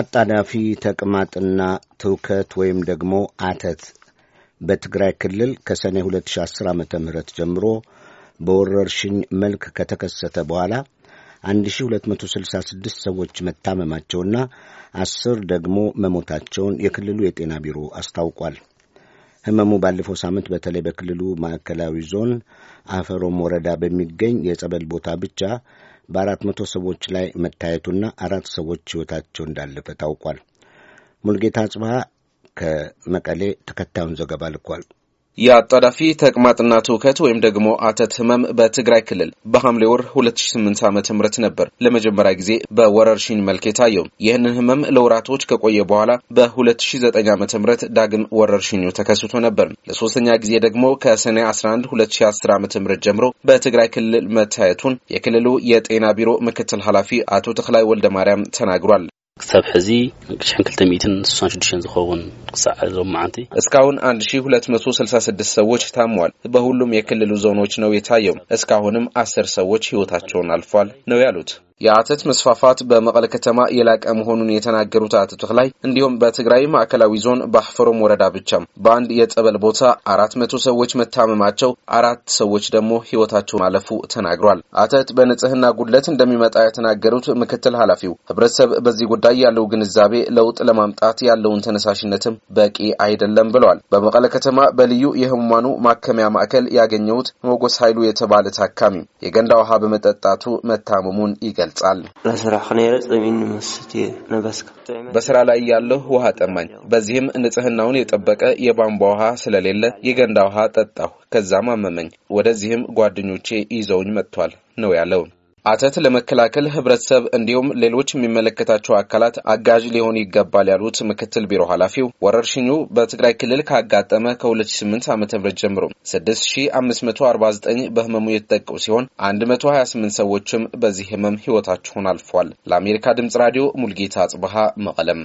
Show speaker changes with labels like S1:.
S1: አጣዳፊ ተቅማጥና ትውከት ወይም ደግሞ አተት በትግራይ ክልል ከሰኔ 2010 ዓ ም ጀምሮ በወረርሽኝ መልክ ከተከሰተ በኋላ 1266 ሰዎች መታመማቸውና አስር ደግሞ መሞታቸውን የክልሉ የጤና ቢሮ አስታውቋል። ህመሙ ባለፈው ሳምንት በተለይ በክልሉ ማዕከላዊ ዞን አፈሮም ወረዳ በሚገኝ የጸበል ቦታ ብቻ በአራት መቶ ሰዎች ላይ መታየቱና አራት ሰዎች ሕይወታቸው እንዳለፈ ታውቋል። ሙልጌታ አጽብሃ ከመቀሌ ተከታዩን ዘገባ ልኳል።
S2: የአጣዳፊ ተቅማጥና ትውከት ወይም ደግሞ አተት ህመም በትግራይ ክልል በሐምሌ ወር 2008 ዓመተ ምህረት ነበር ለመጀመሪያ ጊዜ በወረርሽኝ መልክ የታየው። ይህንን ህመም ለወራቶች ከቆየ በኋላ በ2009 ዓመተ ምህረት ዳግም ወረርሽኙ ተከስቶ ነበር። ለሶስተኛ ጊዜ ደግሞ ከሰኔ 11 2010 ዓመተ ምህረት ጀምሮ በትግራይ ክልል መታየቱን የክልሉ የጤና ቢሮ ምክትል ኃላፊ አቶ ተክላይ ወልደ ማርያም ተናግሯል። ክሳብ ሕዚ 1260 ዝኸውን ክሳዕ ዞም መዓንቲ እስካሁን 1266 ሰዎች ታሟል። በሁሉም የክልሉ ዞኖች ነው የታየው። እስካሁንም አስር ሰዎች ህይወታቸውን አልፏል ነው ያሉት። የአተት መስፋፋት በመቀለ ከተማ የላቀ መሆኑን የተናገሩት አቶ ተክላይ እንዲሁም በትግራይ ማዕከላዊ ዞን ባህፈሮም ወረዳ ብቻ በአንድ የጸበል ቦታ አራት መቶ ሰዎች መታመማቸው አራት ሰዎች ደግሞ ህይወታቸው ማለፉ ተናግሯል። አተት በንጽህና ጉድለት እንደሚመጣ የተናገሩት ምክትል ኃላፊው ህብረተሰብ በዚህ ጉዳይ ያለው ግንዛቤ ለውጥ ለማምጣት ያለውን ተነሳሽነትም በቂ አይደለም ብለዋል። በመቀለ ከተማ በልዩ የህሙማኑ ማከሚያ ማዕከል ያገኘሁት ሞጎስ ኃይሉ የተባለ ታካሚ የገንዳ ውሃ በመጠጣቱ መታመሙን ይገ ይገልጻል። በስራ ላይ ያለሁ ውሃ ጠማኝ። በዚህም ንጽህናውን የጠበቀ የቧንቧ ውሃ ስለሌለ የገንዳ ውሃ ጠጣሁ። ከዛም አመመኝ። ወደዚህም ጓደኞቼ ይዘውኝ መጥቷል ነው ያለው። አተት ለመከላከል ህብረተሰብ እንዲሁም ሌሎች የሚመለከታቸው አካላት አጋዥ ሊሆን ይገባል ያሉት ምክትል ቢሮ ኃላፊው ወረርሽኙ በትግራይ ክልል ካጋጠመ ከ2008 ዓ ም ጀምሮ 6549 በህመሙ የተጠቁ ሲሆን 128 ሰዎችም በዚህ ህመም ህይወታቸውን አልፏል። ለአሜሪካ ድምጽ ራዲዮ ሙልጌታ አጽብሃ መቀለም